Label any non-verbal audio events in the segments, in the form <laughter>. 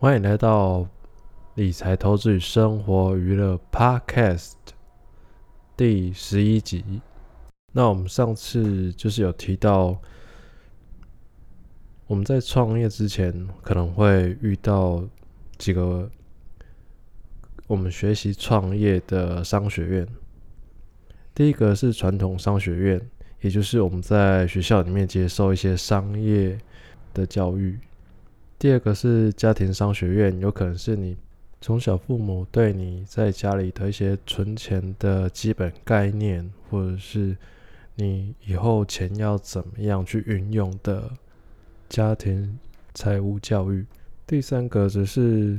歡迎來到《理財投資與生活娛樂》Podcast 第十一集。那我們上次就是有提到，我們在創業之前可能會遇到幾個我們學習創業的商學院。第一個是傳統商學院，也就是我們在學校裡面接受一些商業的教育。第二個是家庭商學院，有可能是你從小父母對你在家裡的一些存錢的基本概念，或者是你以後錢要怎麼樣去運用的家庭財務教育。第三個則是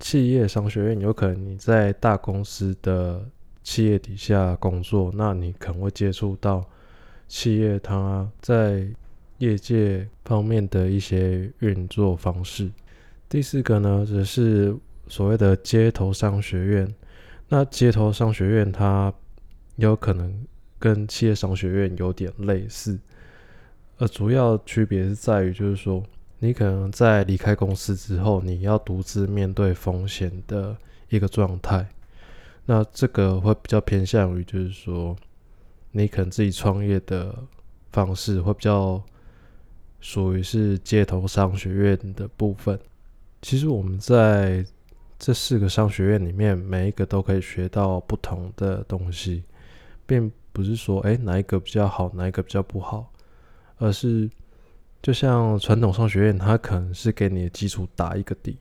企業商學院，有可能你在大公司的企業底下工作，那你可能會接觸到企業它在。業界方面的一些運作方式。第四個呢，則是所謂的街頭商學院。那街頭商學院它有可能跟企業商學院有點類似，呃，主要區別是在於，就是說你可能在離開公司之後，你要獨自面對風險的一個狀態。那這個會比較偏向於，就是說你可能自己創業的方式會比較屬於是街頭商學院的部分。其實我們在這四個商學院裡面，每一個都可以學到不同的東西，並不是說哎、欸、哪一個比較好，哪一個比較不好，而是就像傳統商學院，它可能是給你的基礎打一個底，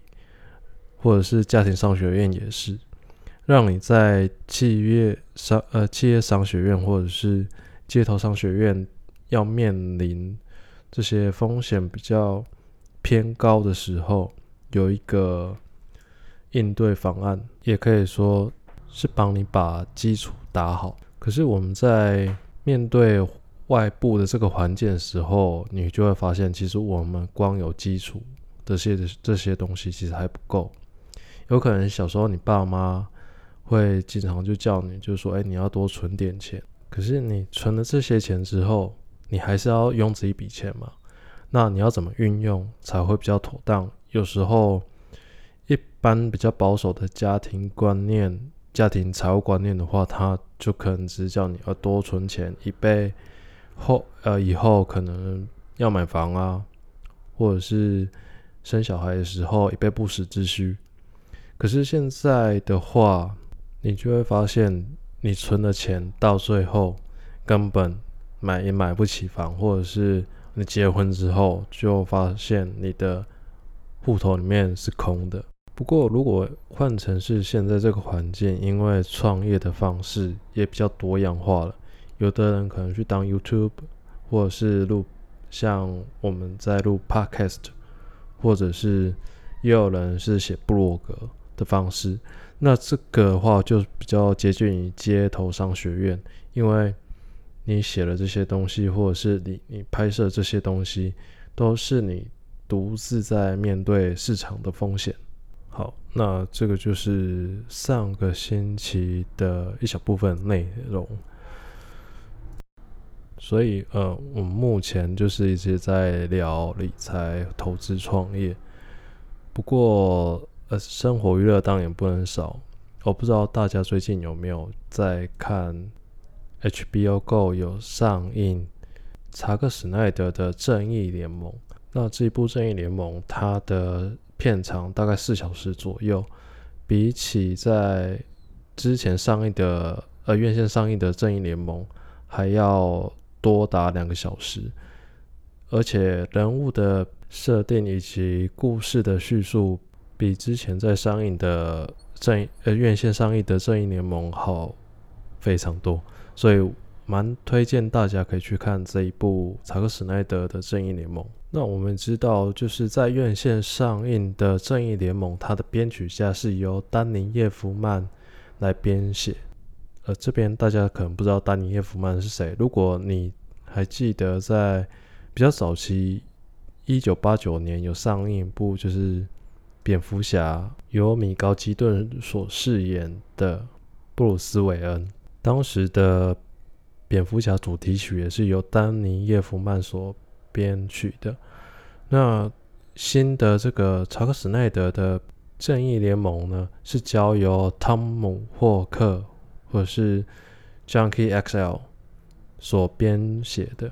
或者是家庭商學院也是，讓你在企業商呃企業商學院或者是街頭商學院要面臨。這些風險比較偏高的時候，有一個應對方案，也可以說是幫你把基礎打好。可是我們在面對外部的這個環境的時候，你就會發現，其實我們光有基礎這些這些東西其實還不夠。有可能小時候你爸媽會經常就叫你，就說，哎、欸，你要多存點錢。可是你存了這些錢之後，你還是要用這一筆錢嘛？那你要怎麼運用才會比較妥當？有時候，一般比較保守的家庭觀念、家庭財務觀念的話，他就可能只是叫你要多存錢，以備後呃以後可能要買房啊，或者是生小孩的時候以備不時之需。可是現在的話，你就會發現，你存的錢到最後根本。買也買不起房，或者是你結婚之後就發現你的戶頭裡面是空的。不過，如果換成是現在這個環境，因為創業的方式也比較多樣化了，有的人可能去當 YouTube，或者是錄像，我們在錄 Podcast，或者是也有人是寫部落格的方式。那這個的話就比較接近於街頭商學院，因為。你寫了這些東西，或者是你你拍攝這些東西，都是你獨自在面對市場的風險。好，那這個就是上個星期的一小部分內容。所以，呃，我目前就是一直在聊理財、投資、創業。不過，呃，生活娛樂當然也不能少。我不知道大家最近有沒有在看。HBO Go 有上映查克·史奈德的《正義聯盟》。那這一部《正義聯盟》，它的片長大概四小時左右，比起在之前上映的呃院線上映的《正義聯盟》，還要多達兩個小時。而且人物的設定以及故事的敘述，比之前在上映的正，呃，院線上映的《正義聯盟》好非常多。所以蠻推薦大家可以去看這一部查克史奈德的《正義聯盟》。那我們知道，就是在院線上映的《正義聯盟》，它的編曲下是由丹尼葉夫曼來編寫。而這邊大家可能不知道丹尼葉夫曼是誰。如果你還記得在比較早期，一九八九年有上映一部就是《蝙蝠俠》，由米高基頓所飾演的布魯斯韋恩。當時的蝙蝠俠主題曲也是由丹尼·葉夫曼所編曲的。那新的這個查克·斯奈德的正義聯盟呢，是交由湯姆·霍克或者是 Junkie XL 所編寫的。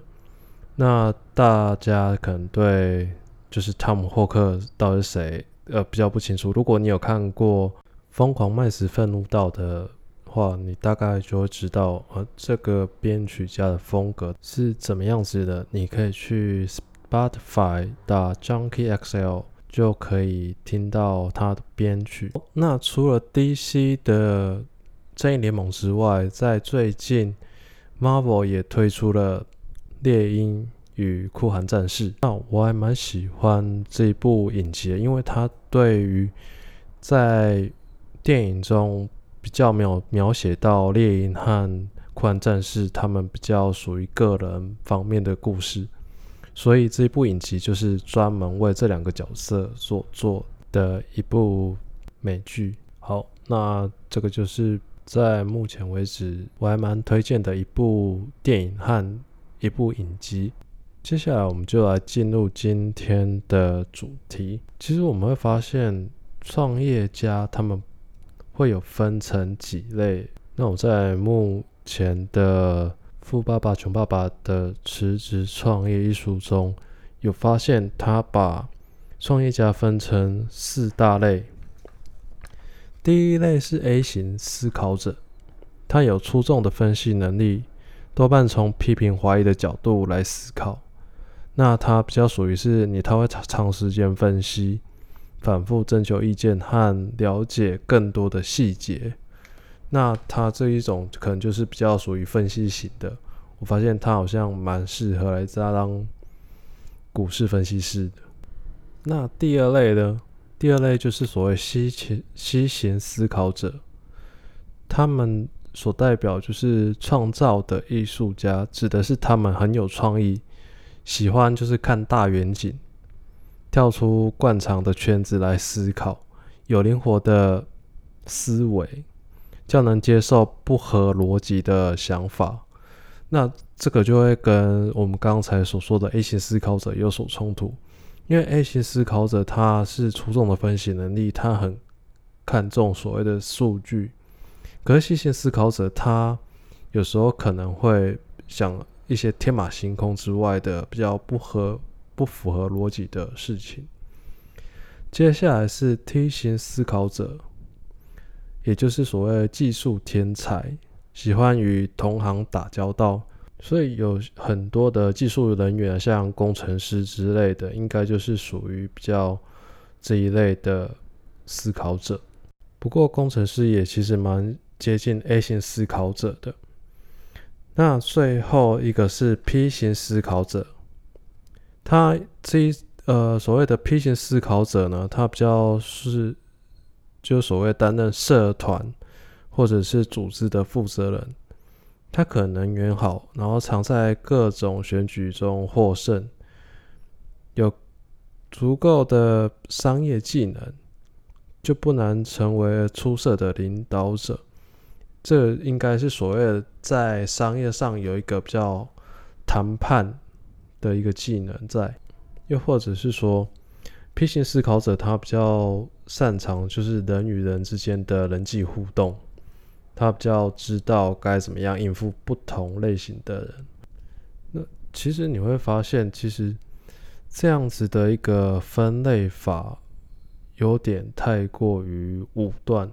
那大家可能對就是湯姆·霍克到底是誰，呃，比較不清楚。如果你有看過《瘋狂麥斯憤怒道》的。話你大概就會知道呃，這個編曲家的風格是怎麼樣子的。你可以去 Spotify 打 Junkie XL 就可以聽到他的編曲。那除了 DC 的正義聯盟之外，在最近 Marvel 也推出了獵鷹與酷寒戰士。那我還蠻喜歡這部影集的，因為他對於在電影中。比較沒有描寫到獵鷹和酷寒戰士，他們比較屬於個人方面的故事，所以這部影集就是專門為這兩個角色所做的一部美劇。好，那這個就是在目前為止我還蠻推薦的一部電影和一部影集。接下來我們就來進入今天的主題。其實我們會發現，創業家他們，會有分成幾類。那我在目前的《富爸爸窮爸爸》的辭職創業一書中，有發現他把創業家分成四大類。第一類是 A 型思考者，他有出眾的分析能力，多半從批評懷疑的角度來思考。那他比較屬於是你，他會長長時間分析。反覆徵求意見和了解更多的細節，那他這一種可能就是比較屬於分析型的。我發現他好像蠻適合來扎當股市分析師的。那第二類呢？第二類就是所謂西前“西型西型思考者”，他們所代表就是創造的藝術家，指的是他們很有創意，喜歡就是看大遠景。跳出慣常的圈子來思考，有靈活的思維，較能接受不合邏輯的想法。那這個就會跟我們剛才所說的 A 型思考者有所衝突，因為 A 型思考者他是出眾的分析能力，他很看重所謂的數據。可是 C 型思考者他有時候可能會想一些天馬行空之外的比較不合。不符合邏輯的事情。接下來是 T 型思考者，也就是所謂技術天才，喜歡與同行打交道，所以有很多的技術人員，像工程師之類的，應該就是屬於比較這一類的思考者。不過，工程師也其實蠻接近 A 型思考者的。那最後一個是 P 型思考者。他這一呃所謂的 P 型思考者呢，他比較是就所謂擔任社團或者是組織的負責人，他可能緣好，然後常在各種選舉中獲勝，有足夠的商業技能，就不難成為出色的領導者。這應該是所謂的在商業上有一個比較談判。的一個技能在，又或者是說，平行思考者他比較擅長就是人與人之間的人際互動，他比較知道該怎麼樣應付不同類型的人。那其實你會發現，其實這樣子的一個分類法有點太過於武斷，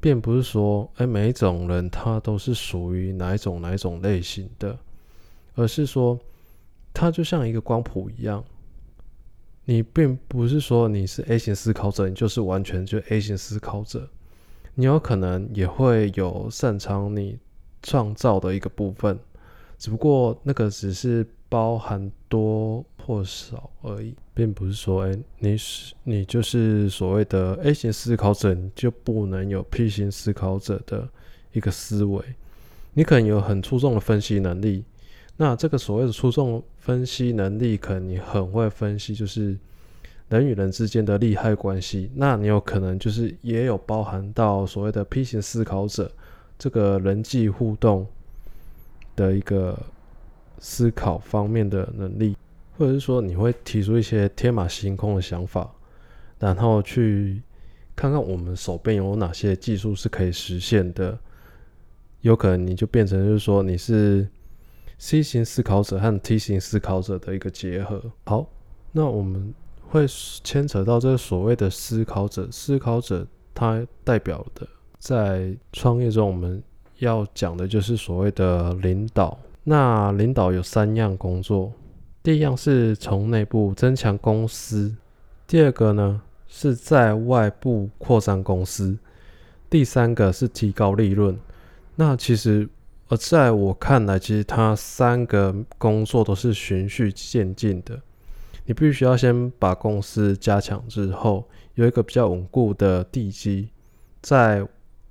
並不是說誒、欸、每一種人他都是屬於哪一種哪一種類型的，而是說。它就像一個光譜一樣，你並不是說你是 A 型思考者，你就是完全就 A 型思考者。你有可能也會有擅長你創造的一個部分，只不過那個只是包含多或少而已，並不是說，欸，你是你就是所謂的 A 型思考者，你就不能有 P 型思考者的一個思維。你可能有很出眾的分析能力。那這個所謂的出眾分析能力，可能你很會分析，就是人與人之間的利害關係。那你有可能就是也有包含到所謂的 P 型思考者這個人際互動的一個思考方面的能力，或者是說你會提出一些天馬行空的想法，然後去看看我們手邊有，有哪些技術是可以實現的。有可能你就變成就是說你是。C 型思考者和 T 型思考者的一個結合。好，那我們會牽扯到這個所謂的思考者，思考者他代表的在創業中，我們要講的就是所謂的領導。那領導有三樣工作，第一樣是從內部增強公司，第二個呢是在外部擴張公司，第三個是提高利潤。那其實。而在我看來，其實它三個工作都是循序漸進的。你必須要先把公司加強之後，有一個比較穩固的地基，再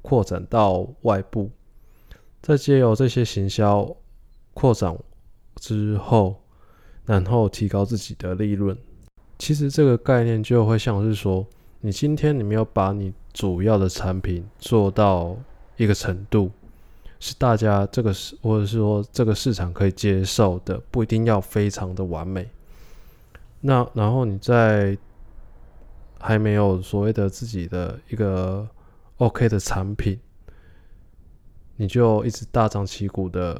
擴展到外部，再借由這些行銷擴展之後，然後提高自己的利潤。其實這個概念就會像是說，你今天你沒有把你主要的產品做到一個程度。是大家這個是，或者是說這個市場可以接受的，不一定要非常的完美。那然後你在還沒有所謂的自己的一個 OK 的產品，你就一直大張旗鼓的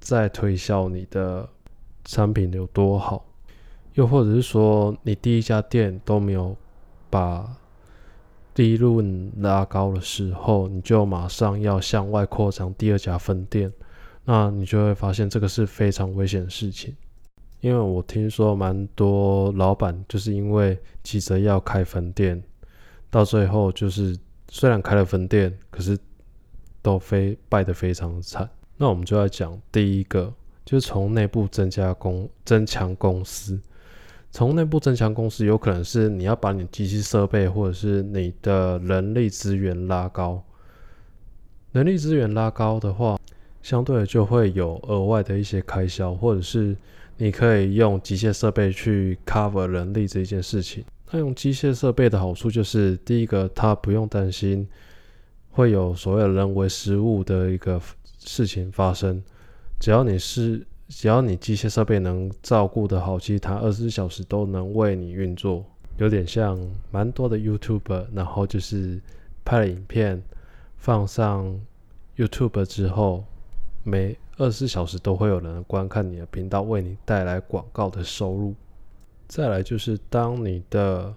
在推銷你的產品有多好，又或者是說你第一家店都沒有把。第一輪拉高的時候，你就馬上要向外擴張第二家分店，那你就會發現這個是非常危險的事情。因為我聽說蠻多老板就是因為急着要開分店，到最後就是雖然開了分店，可是都非敗得非常慘。那我們就要講第一個，就是從內部增加公增強公司。從內部增強公司，有可能是你要把你機器設備或者是你的人力資源拉高。人力資源拉高的話，相對就會有額外的一些開銷，或者是你可以用機械設備去 cover 人力這件事情。那用機械設備的好處就是，第一個，它不用擔心會有所謂人為失誤的一個事情發生，只要你是。只要你機械設備能照顧得好，其他二十四小時都能為你運作，有點像蠻多的 YouTuber，然後就是拍了影片放上 YouTube 之後，每二十四小時都會有人觀看你的頻道，為你帶來廣告的收入。再來就是當你的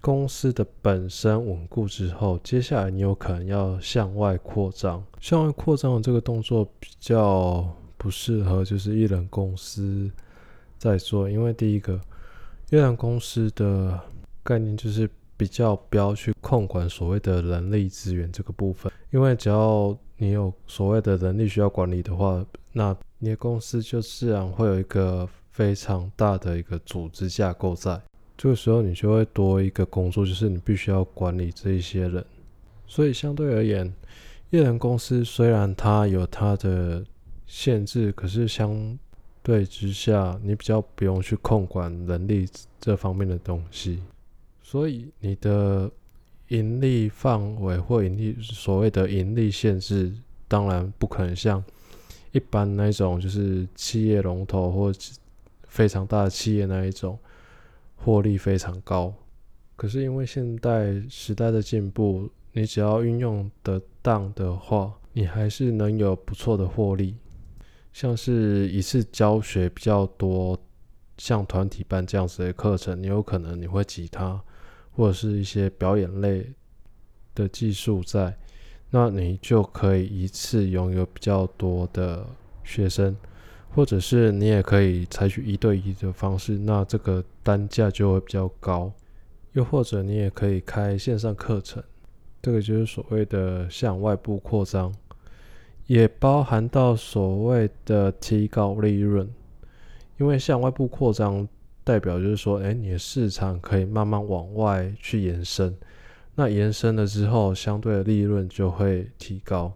公司的本身穩固之後，接下來你有可能要向外擴張，向外擴張的這個動作比較。不適合就是一人公司在做，因為第一個，一人公司的概念就是比較不要去控管所謂的人力資源這個部分，因為只要你有所謂的人力需要管理的話，那你的公司就自然會有一個非常大的一個組織架構，在這個時候你就會多一個工作，就是你必須要管理這些人，所以相對而言，一人公司雖然它有它的。限制，可是相對之下，你比較不用去控管人力這方面的東西，所以你的盈利範圍或盈利所謂的盈利限制，當然不可能像一般那種，就是企業龍頭或非常大的企業那一種，獲利非常高。可是因為現代時代的進步，你只要運用得當的話，你還是能有不錯的獲利。像是一次教學比較多，像團體班這樣子的課程，你有可能你會吉他或者是一些表演類的技術在，那你就可以一次擁有比較多的學生，或者是你也可以採取一對一的方式，那這個單價就會比較高，又或者你也可以開線上課程，這個就是所謂的向外部擴張。也包含到所謂的提高利潤，因為向外部擴張，代表就是說，哎，你的市場可以慢慢往外去延伸，那延伸了之後，相對的利潤就會提高。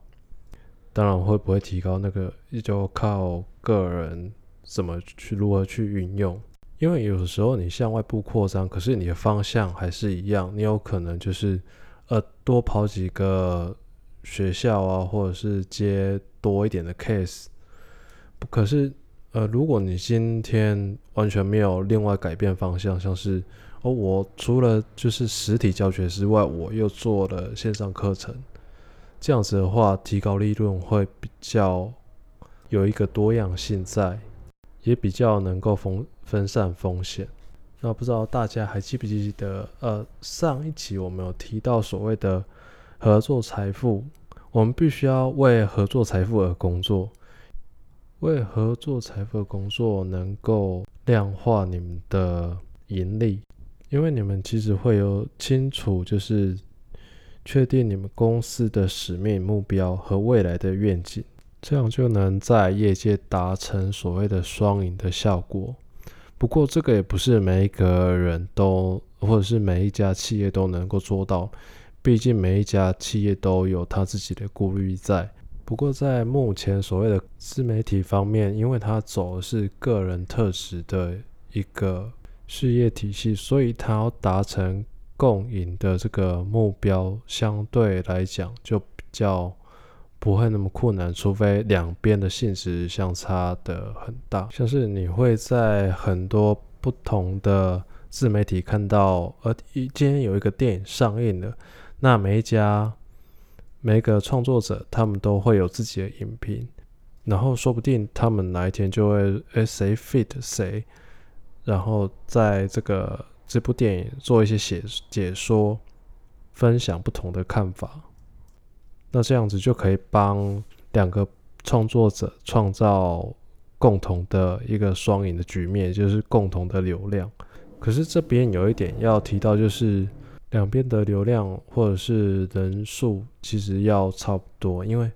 當然，會不會提高那個，就靠個人怎麼去如何去運用，因為有時候你向外部擴張，可是你的方向還是一樣，你有可能就是，呃，多跑幾個。學校啊，或者是接多一點的 case，可是呃，如果你今天完全沒有另外改變方向，像是哦，我除了就是實體教學之外，我又做了線上課程，這樣子的話，提高利潤會比較有一個多樣性在，也比較能夠分分散風險。那不知道大家還記不記得，呃，上一集我們有提到所謂的。合作財富，我們必須要為合作財富而工作，為合作財富而工作能夠量化你們的盈利，因為你們其實會有清楚，就是確定你們公司的使命目標和未來的願景，這樣就能在業界達成所謂的雙贏的效果。不過，這個也不是每一個人都，或者是每一家企業都能夠做到。畢竟每一家企業都有他自己的顧慮在。不過，在目前所謂的自媒體方面，因為他走的是個人特質的一個事業體系，所以他要達成共贏的這個目標，相對來講就比較不會那麼困難，除非兩邊的性質相差的很大。像是你會在很多不同的自媒體看到，呃，今天有一個電影上映了。那每一家、每一個創作者，他們都會有自己的影片，然後說不定他們哪一天就會誒誰 fit 誰，然後在這個這部電影做一些寫解說，分享不同的看法。那這樣子就可以幫兩個創作者創造共同的一個雙贏的局面，就是共同的流量。可是這邊有一點要提到，就是。兩邊的流量或者是人數其實要差不多，因為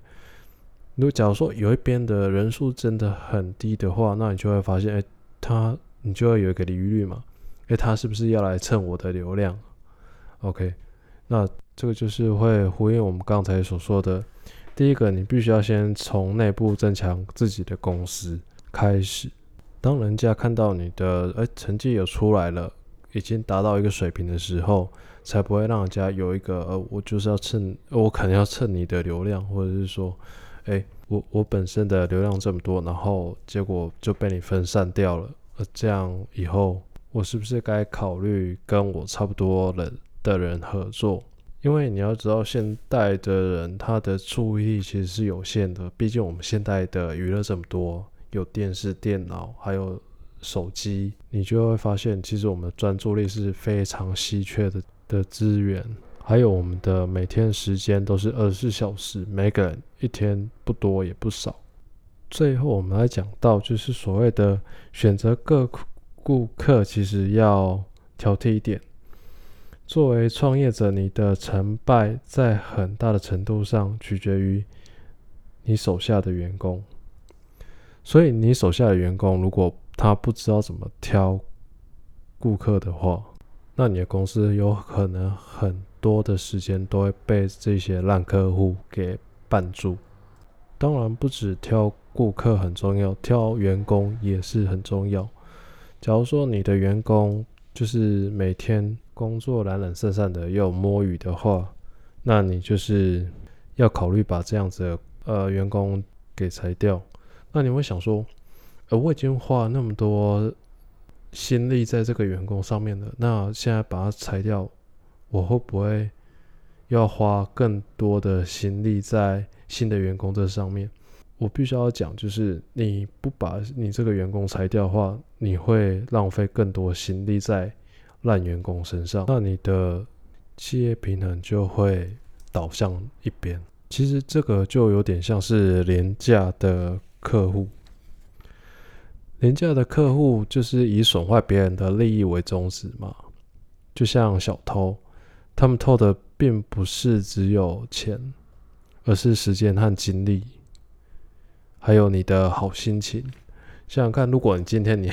如果假如說有一邊的人數真的很低的話，那你就會發現，哎，他你就會有一個疑慮嘛，哎，他是不是要來蹭我的流量？OK，那這個就是會呼應我們剛才所說的，第一個，你必須要先從內部增強自己的公司開始。當人家看到你的，哎，成績有出來了。已經達到一個水平的時候，才不會讓人家有一個呃，我就是要蹭、呃，我可能要蹭你的流量，或者是說，哎，我我本身的流量這麼多，然後結果就被你分散掉了，呃，這樣以後我是不是該考慮跟我差不多的的人合作？因為你要知道，現代的人他的注意力其實是有限的，畢竟我們現代的娛樂這麼多，有電視、電腦，還有。手機，你就會發現，其實我們的專注力是非常稀缺的的資源。還有我們的每天的時間都是二十四小時，每個人一天不多也不少。最後，我們來講到就是所謂的選擇各顧客，其實要挑剔一點。作為創業者，你的成敗在很大的程度上取決於你手下的員工。所以，你手下的員工如果他不知道怎麼挑顧客的話，那你的公司有可能很多的時間都會被這些爛客戶給絆住。當然，不止挑顧客很重要，挑員工也是很重要。假如說你的員工就是每天工作懶懶散散的又摸魚的話，那你就是要考慮把這樣子的呃，呃員工給裁掉。那你會想說，而我已經花那麼多心力在這個員工上面了，那現在把他裁掉，我會不會要花更多的心力在新的員工這上面？我必須要講，就是你不把你這個員工裁掉的話，你會浪費更多心力在爛員工身上，那你的企業平衡就會倒向一邊。其實這個就有點像是廉價的客戶。廉價的客戶就是以損壞別人的利益為宗旨嘛，就像小偷，他們偷的並不是只有錢，而是時間和精力，還有你的好心情。想想看，如果你今天你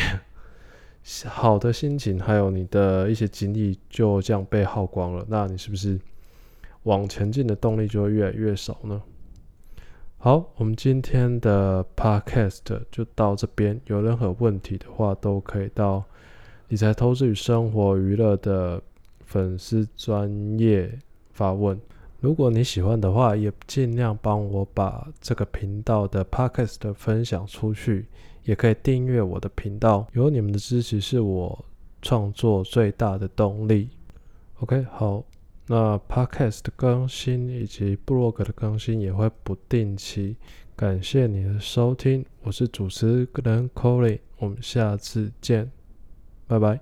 <laughs> 好的心情，還有你的一些精力就這樣被耗光了，那你是不是往前進的動力就會越來越少呢？好，我們今天的 podcast 就到這邊。有任何問題的話，都可以到理財投資與生活娛樂的粉絲專頁發問。如果你喜歡的話，也盡量幫我把這個頻道的 podcast 分享出去，也可以訂閱我的頻道。有你們的支持，是我創作最大的動力。OK，好。那 Podcast 的更新以及 Blog 的更新也會不定期。感謝你的收聽，我是主持人 c o l e n 我們下次見，拜拜。